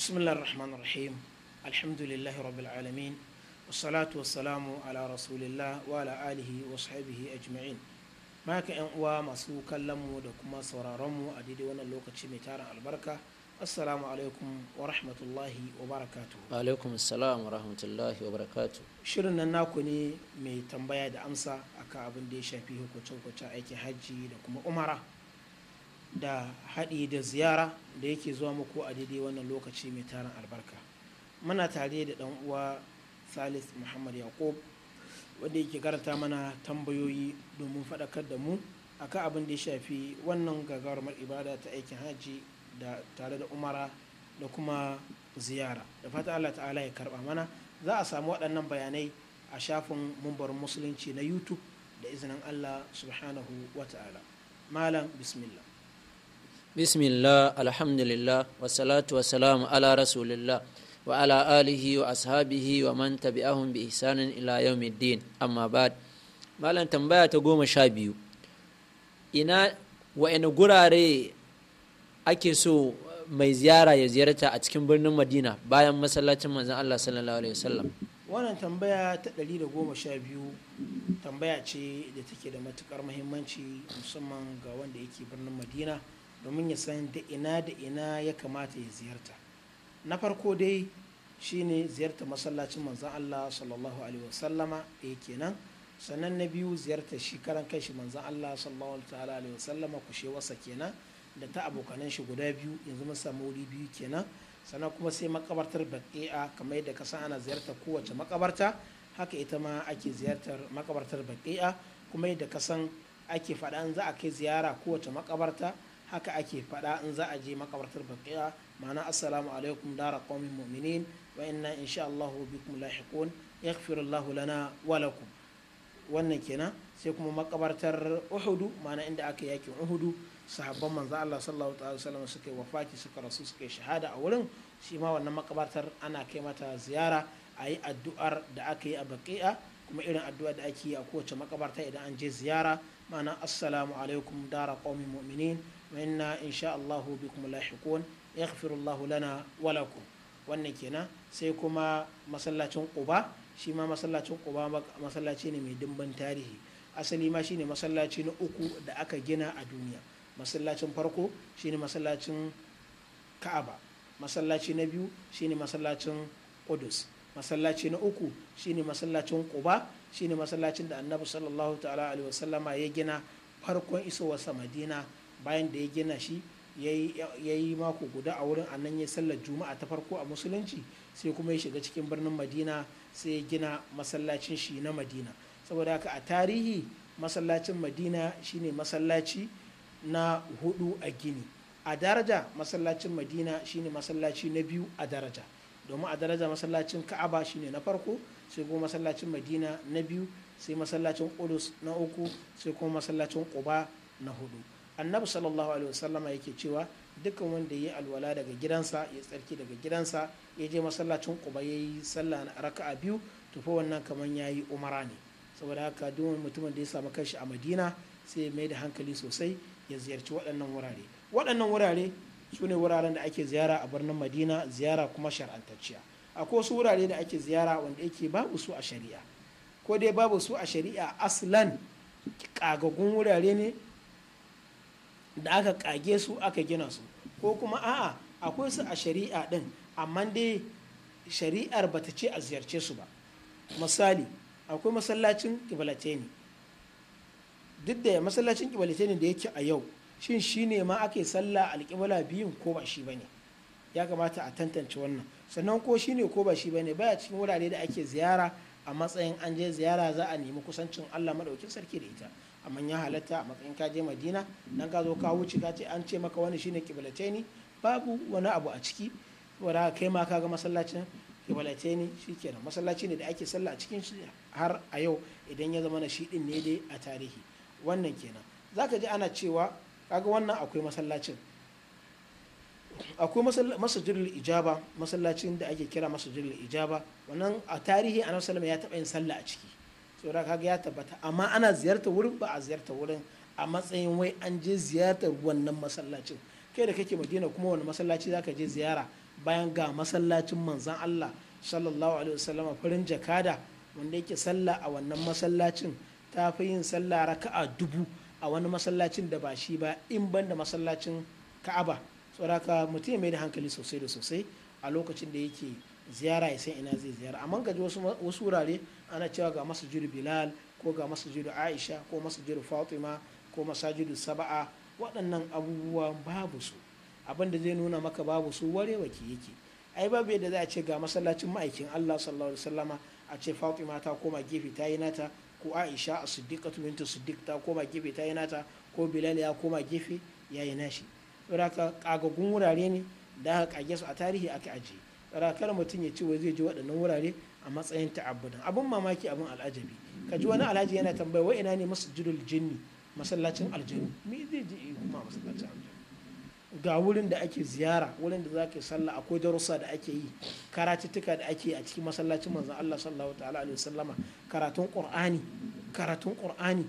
بسم الله الرحمن الرحيم الحمد لله رب العالمين والصلاة والسلام على رسول الله وعلى آله وصحبه أجمعين ما كان masu kallonmu da kuma sauraronmu a daidai wannan lokaci mai taron albarka assalamu alaikum wa rahmatullahi wa barakatu wa alaikum wa rahmatullahi wa barakatu shirin nan naku ne mai tambaya da amsa akan abin da ya shafi hukuncin hukuncin aikin hajji da kuma umara da haɗi da ziyara da yake zuwa muku a daidai wannan lokaci mai taron albarka muna tare da ɗan uwa salis muhammad yaqub wanda yake karanta mana tambayoyi domin faɗakar da mu a akan abin da ya shafi wannan gagarumar ibada ta aikin hajji da tare da umara da kuma ziyara da fata allah ta'ala ya karɓa mana za a samu waɗannan bayanai a shafin mumbar musulunci na youtube da izinin allah subhanahu wa ta'ala malam bismillah bismillah alhamdulillah wasalatu wasalamu ala rasulillah wa ala alihi wa ashabihi wa man tabi'ahum bi ihsanin ila yawmiddin amma ba'd malam tambaya ta goma sha biyu ina ina gurare ake so mai ziyara ya ziyarta a cikin birnin madina bayan masallacin manzan allah sallallahu alaihi wasallam wannan tambaya ta da goma sha biyu tambaya ce da take da matukar muhimmanci musamman ga wanda yake birnin madina domin ya san da ina da ina ya kamata ya ziyarta na farko dai shine ziyarta masallacin manzan Allah sallallahu alaihi wasallama ya eh, kenan sannan na biyu ziyarta shi karan kai shi manzan Allah sallallahu alaihi wasallama wasa kenan da ta abokanan shi guda biyu yanzu mun samu wuri biyu kenan sannan kuma sai makabartar baki'a kamar yadda ka san ana ziyartar kowace makabarta haka ita ma ake ziyartar makabartar baki'a kuma yadda ka san ake faɗa za a kai ziyara kowace makabarta haka ake faɗa in za a je makabartar baqiya ma'ana assalamu alaikum dara qaumin mu'minin wa inna insha Allah bikum lahiqun yaghfiru lana wa lakum wannan kenan sai kuma makabartar Uhudu ma'ana inda aka yakin Uhudu sahabban manzo Allah sallallahu alaihi wasallam suka wafaki suka rasu suka shahada a wurin shi ma wannan makabartar ana kai mata ziyara a yi addu'ar da aka yi a baqiya kuma irin addu'a da ake yi a kowace makabarta idan an je ziyara ma'ana assalamu alaikum dara qaumin mu'minin وإنا إن شاء الله بكم لاحقون يغفر الله لنا ولكم wannan kenan sai kuma masallacin quba shi ma masallacin quba masallaci ne mai dimban tarihi asali ma shine masallaci na uku da aka gina a duniya masallacin farko shine masallacin ka'aba masallaci na biyu shine masallacin qudus masallaci na uku shine masallacin quba shine masallacin da annabi sallallahu ta'ala alaihi wasallama ya gina farkon isowarsa madina bayan da ya gina shi ya yi mako guda a wurin annan ya sallar juma'a ta farko a musulunci sai kuma ya shiga cikin birnin madina sai ya gina masallacin shi na madina saboda haka a tarihi masallacin madina shine masallaci na hudu a gini a daraja masallacin madina shine masallaci na biyu a daraja domin a daraja masallacin ka'aba shine na farko sai kuma masallacin madina na biyu sai masallacin na na uku sai kuma masallacin quba na hudu annabi sallallahu alaihi wasallama yake cewa dukkan wanda ya yi alwala daga gidansa ya tsarki daga gidansa ya je masallacin kuba ya yi sallah na a biyu to fa wannan kamar ya yi umara ne saboda haka duk mutumin da ya samu kanshi a madina sai ya mai da hankali sosai ya ziyarci waɗannan wurare waɗannan wurare su ne wuraren da ake ziyara a birnin madina ziyara kuma shar'antacciya akwai wasu wurare da ake ziyara wanda yake babu su a shari'a ko dai babu su a shari'a aslan kagagun wurare ne da aka kage su aka gina su ko kuma a'a akwai su a shari'a din amma dai shari'ar ba ta ce a ziyarce su ba misali akwai masallacin kibalateni duk da masallacin kibalateni da yake a yau shin shi ne ma ake sallah alƙibala biyun ko ba shi ba ne ya kamata a tantance wannan sannan ko shi ne ko ba shi bane baya cikin wurare da ake ziyara a matsayin an je ziyara za a nemi kusancin Allah madaukin sarki da ita amma ya halatta a matsayin ka je Madina nan ka zo ka wuce ka ce an ce maka wani shine kiblataini babu wani abu a ciki wanda kai ma ka ga masallacin ke shikenan masallaci ne da ake sallah a cikin shi har a yau idan ya zama na shi din ne dai a tarihi wannan kenan zaka ji ana cewa kaga wannan akwai masallacin akwai masajirin ijaba masallacin da ake kira masajirin ijaba wannan a tarihi a nasarar ya taɓa yin sallah a ciki saboda kaga ya tabbata amma ana ziyartar wurin ba a ziyartar wurin a matsayin wai an je ziyartar wannan masallacin kai da kake madina kuma wani masallaci ka je ziyara bayan ga masallacin manzan Allah sallallahu alaihi wasallam farin jakada wanda yake sallah a wannan masallacin ta fi yin sallah raka'a dubu a wani masallacin da ba shi ba in banda masallacin Ka'aba tsoraka mutum ya mai da hankali sosai da sosai a lokacin da yake ziyara ya san ina zai ziyara amma gaji wasu wurare ana cewa ga masjidu bilal ko ga masjidu aisha ko masjidu fatima ko masajudu saba'a waɗannan abubuwa babu su abin da zai nuna maka babu su warewa ke yake ai babu yadda za a ce ga masallacin ma'aikin Allah sallallahu alaihi wasallama a ce Fatima ta koma gefe ta yi nata ko Aisha a siddiqatu bintu Siddiq ta koma gefe ta yi nata ko Bilal ya koma gefe ya yi nashi don ƙagagun wurare ne da aka kage su a tarihi aka ajiye don kada mutum ya ce wai zai ji waɗannan wurare a matsayin ta'abbudan abin mamaki abin al'ajabi ka ji wani alhaji yana tambaya wa ina ne masjidul jinni masallacin aljanu me zai ji kuma masallacin aljanu ga wurin da ake ziyara wurin da zaka yi sallah akwai darussa da ake yi karatuttuka da ake yi a cikin masallacin manzon Allah sallallahu ta'ala alaihi wasallama karatun qur'ani karatun qur'ani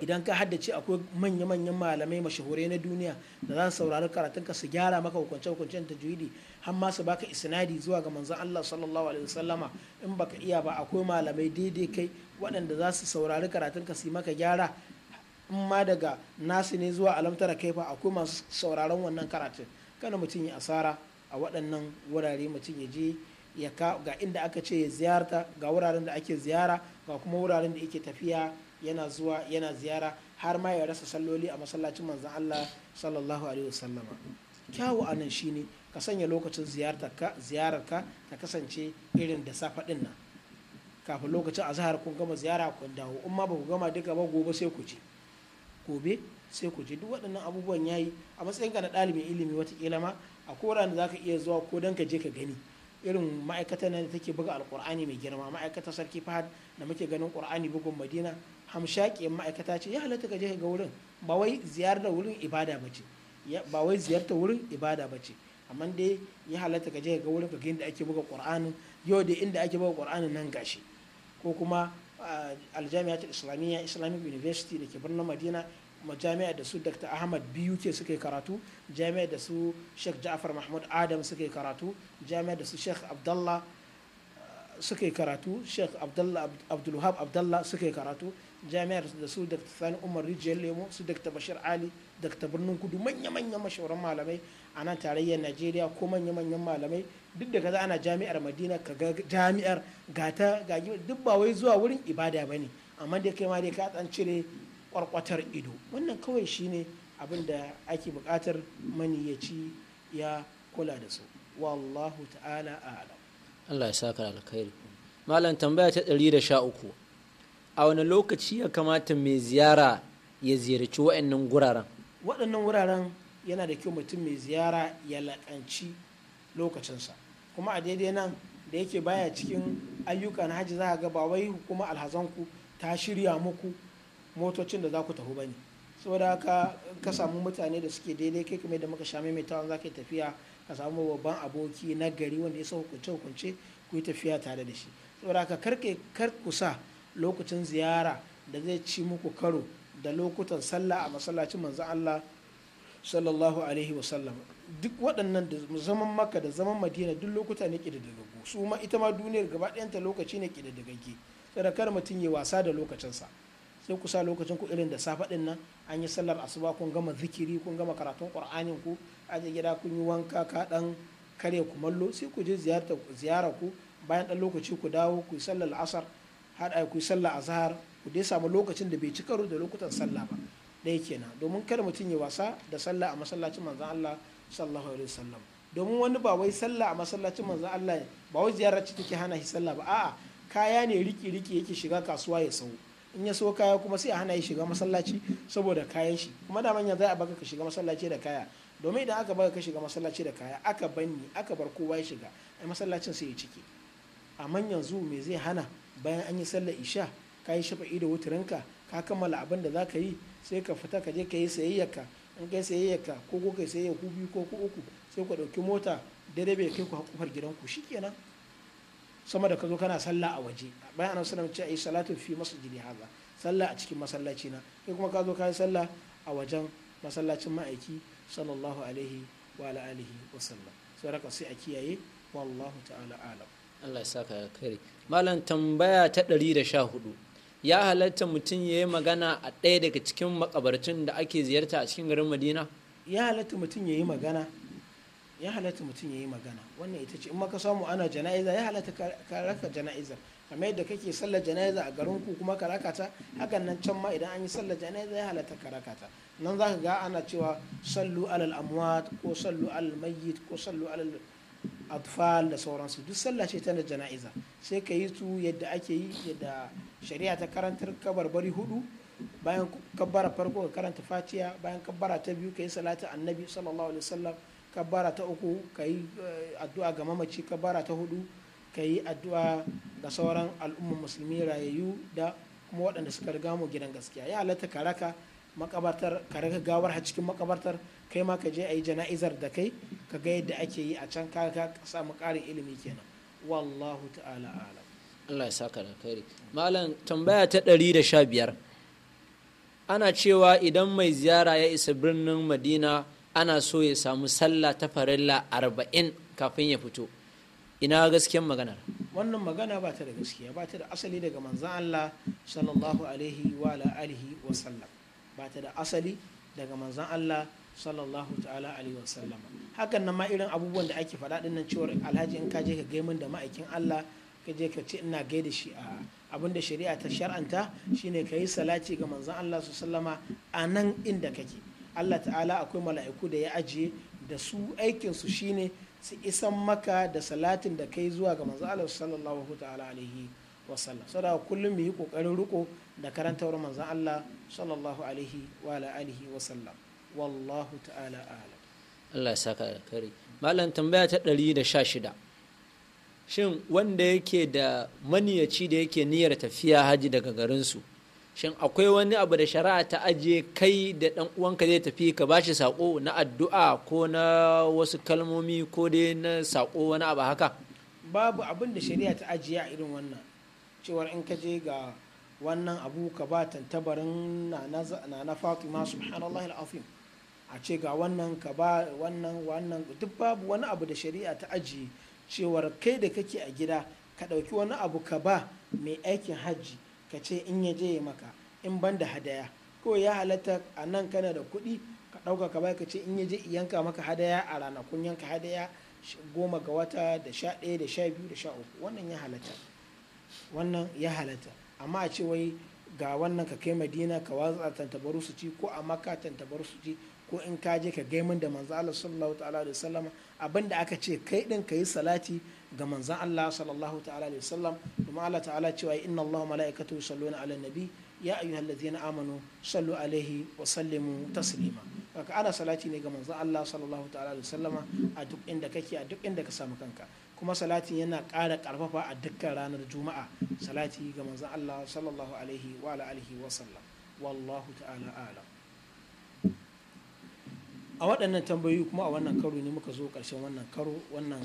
idan ka haddace akwai manya-manyan malamai mashahurai na duniya da za su saurari karatunka su gyara maka hukunce-hukuncen tajwidi har ma su baka isnadi zuwa ga manzon Allah sallallahu alaihi wasallama in baka iya ba akwai malamai daidai kai waɗanda za su saurari karatunka su yi maka gyara in ma daga nasu ne zuwa alamtara kai fa akwai masu sauraron wannan karatun kana mutum ya asara a waɗannan wurare mutum ya je ya ga inda aka ce ya ziyarta ga wuraren da ake ziyara ga kuma wuraren da yake tafiya yana zuwa yana ziyara har ma ya rasa salloli a masallacin manzan Allah sallallahu alaihi wasallama kyawu anan shine ka sanya lokacin ziyartarka ziyararka ta kasance irin da safa din nan kafin lokacin azhar kun gama ziyara kun dawo umma ba ku gama duka ba gobe sai ku je gobe sai ku je duk waɗannan abubuwan yayi a matsayin ka na ɗalibin ilimi wata ma a koran za ka iya zuwa ko dan ka je ka gani irin ma'aikatan da take buga alkur'ani mai girma ma'aikatar sarki fahad da muke ganin ƙur'ani bugun madina hamshakiyar ma'aikata ce ya halatta ka je ga wurin ba wai ziyarar wurin ibada ba ce ba wai ziyartar wurin ibada ba ce amma dai ya halatta ka je ga wurin ka inda ake buga qur'anin yau da inda ake buga qur'anin nan gashi ko kuma aljami'a ta islamiyya islamic university da ke birnin madina jami'a da su dr ahmad biyu ke suka yi karatu jami'a da su sheikh ja'far mahmud adam suka yi karatu jami'a da su sheikh abdallah suka yi karatu sheikh abdullah abdulhab abdallah suka yi karatu jami'ar da su dr sani umar rijiyar lemo su dr bashir ali dr birnin kudu manya-manyan mashaurin malamai a nan tarayyar najeriya ko manya-manyan malamai duk da kaza ana jami'ar madina ka ga jami'ar gata gagi duk ba wai zuwa wurin ibada ba ne amma dai kai ma dai ka tsan cire kwarkwatar ido wannan kawai shine abin da ake buƙatar mani ya kula da su wallahu ta'ala a'lam Allah ya saka alkhairi malam tambaya ta 113 a wani lokaci ya kamata mai ziyara ya ziyarci waɗannan guraren waɗannan wuraren yana da kyau mutum mai ziyara ya laƙanci lokacinsa kuma a daidai nan da yake baya cikin ayyuka na hajji za a ga ba wai alhazan alhazanku ta shirya muku motocin da za ku tafi bane saboda haka ka samu mutane da suke daidai kai kamar da muka sha maimaitawa za ka tafiya ka samu babban aboki na gari wanda ya sa hukunce hukunce ku yi tafiya tare da shi saboda haka kar ku sa lokacin ziyara da zai ci muku karo da lokutan sallah a masallacin manzo Allah sallallahu alaihi wasallam duk waɗannan da zaman maka da zaman madina duk lokuta ne da ƙididdigaggu su ma ita ma duniyar gaba ɗayanta lokaci ne da gaggi tsara kar mutum ya wasa da lokacinsa sai ku sa lokacin ku irin da safe ɗin nan an yi sallar asuba kun gama zikiri kun gama karatun qur'anin ku a gida kun yi wanka ka ɗan karya kumallo sai ku je ziyara ku bayan ɗan lokaci ku dawo ku yi sallar asar har ku sallah zahar ku dai samu lokacin da bai ci karo da lokutan sallah ba ɗaya kenan domin kada mutum ya wasa da sallah a masallacin manzon Allah sallallahu alaihi wasallam domin wani ba wai sallah a masallacin manzan Allah ba wai ziyarar ci take hana shi sallah ba a'a kaya ne riki riki yake shiga kasuwa ya sau in ya so kaya kuma sai a hana shi shiga masallaci saboda kayan shi kuma da manya za a baka ka shiga masallaci da kaya domin idan aka baka ka shiga masallaci da kaya aka banni aka bar kowa ya shiga ai masallacin sai ya cike amma yanzu me zai hana bayan an yi sallar isha ka yi shafa'i da wuturinka ka kammala abin da za ka yi sai ka fita ka je ka yi sayayyarka in kai sayayyarka ko ko kai sayayya ku biyu ko ku uku sai ku ɗauki mota daidai bai kai ku hakufar gidanku shikenan sama da ka zo kana sallah a waje bayan annabi sallallahu alaihi wasallam ce ayi salatu fi masjidi haza sallah a cikin masallaci na kai kuma ka zo ka yi sallah a wajen masallacin ma'aiki sallallahu alaihi wa alihi wa sallam sai a kiyaye wallahu ta'ala alam Allah ya saka kare malam tambaya ta 114 ya halatta mutum ya yi magana a ɗaya daga cikin makabartun da ake ziyarta a cikin garin Madina ya halatta mutum ya yi magana ya halatta mutum ya yi magana wannan ita ce in maka samu ana jana'iza ya halatta ka raka jana'iza. kamar yadda kake sallar jana'iza a garin ku kuma ka raka ta hakan nan can ma idan an yi sallar jana'iza ya halatta ka raka ta nan za ka ga ana cewa sallu alal amwat ko sallu alal mayyit ko sallu alal atfal da sauransu duk sallah ce tana jana'iza sai ka yi su yadda ake yi yadda shari'a ta karantar kabarbari hudu bayan kabbara farko ka karanta fatiya bayan kabbara ta biyu ka yi salatu annabi sallallahu alaihi wasallam kabbara ta uku ka yi eh, addu'a ga mamaci kabbara ta hudu ka yi addu'a ga sauran al'umma musulmi rayayyu da kuma waɗanda suka riga mu gidan gaskiya ya halatta karaka makabartar ka raka gawar a cikin makabartar kai ma ka je a yi jana'izar da kai ka ga yadda ake yi a can ka ka samu ƙarin ilimi kenan wallahu ta'ala alam Allah ya saka da kai malam tambaya ta 115 ana cewa idan mai ziyara ya isa birnin Madina ana so ya samu sallah ta farilla 40 kafin ya fito ina gaskiyar maganar wannan magana ba ta da gaskiya ba ta da asali daga manzan Allah sallallahu alaihi wa alihi wa sallam ba ta da asali daga manzan Allah sallallahu ta'ala alaihi wasallam hakan nan ma irin abubuwan da ake faɗa din nan cewar alhaji in ka je ka gaimin da ma'aikin Allah ka je ka ce ina gaida shi a abin da shari'a ta shar'anta shine ka yi salati ga manzan Allah sallama a nan inda kake Allah ta'ala akwai mala'iku da ya ajiye da su aikin su shine su isan maka da salatin da kai zuwa ga manzan Allah sallallahu ta'ala alaihi wasallam saboda kullum mu yi kokarin riko da karantawar manzon Allah sallallahu alaihi wa alihi wasallam wallahu ta'ala a'lam Allah ya saka alkhairi malam tambaya ta 116 shin wanda yake da maniyaci da yake niyyar tafiya haji daga garin su shin akwai wani abu da shari'a ta ajiye kai da dan uwanka zai tafi ka bashi sako na addu'a ko na wasu kalmomi ko dai na sako wani abu haka babu abin da shari'a ta ajiye a irin wannan cewar in ka je ga wannan abu ka ba tantabarin na na fatima subhanallah al'afim a ce ga wannan ka ba wannan wannan duk babu wani abu da shari'a ta ajiye cewar kai da kake a gida ka ɗauki wani abu ka ba mai aikin hajji ka ce in ya je maka in ban da hadaya ko ya halatta a nan kana da kuɗi ka ɗauka ka ba ka ce in ya je yanka maka hadaya a ranakun yanka hadaya goma ga wata da sha ɗaya da sha biyu da sha uku wannan ya halatta wannan ya halatta amma a ce wai ga wannan ka kai madina ka watsa tantabaru su ci ko a maka tantabaru su ci ko in ka je ka gaimin da manzo Allah sallallahu ta'ala alaihi wasallam abinda aka ce kai din ka yi salati ga manzo Allah sallallahu ta'ala alaihi wasallam kuma Allah ta'ala cewa inna Allah malaikatahu yusalluna ala nabi ya ayyuhallazina amanu sallu alaihi wa sallimu taslima kaka ana salati ne ga manzo Allah sallallahu ta'ala alaihi wasallama a duk inda kake a duk inda ka samu kanka kuma salati yana ƙara ƙarfafa a dukkan ranar juma'a salati ga manzon Allah sallallahu alaihi wa alihi wa sallam wallahu ta'ala alam a waɗannan tambayoyi kuma a wannan karo ne muka zo ƙarshen wannan karo wannan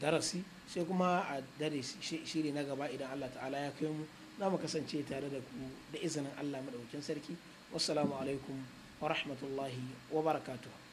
darasi sai kuma a dare shiri na gaba idan Allah ta'ala ya kai mu za mu kasance tare da ku da izinin Allah madaukakin sarki wassalamu alaikum wa rahmatullahi wa barakatuh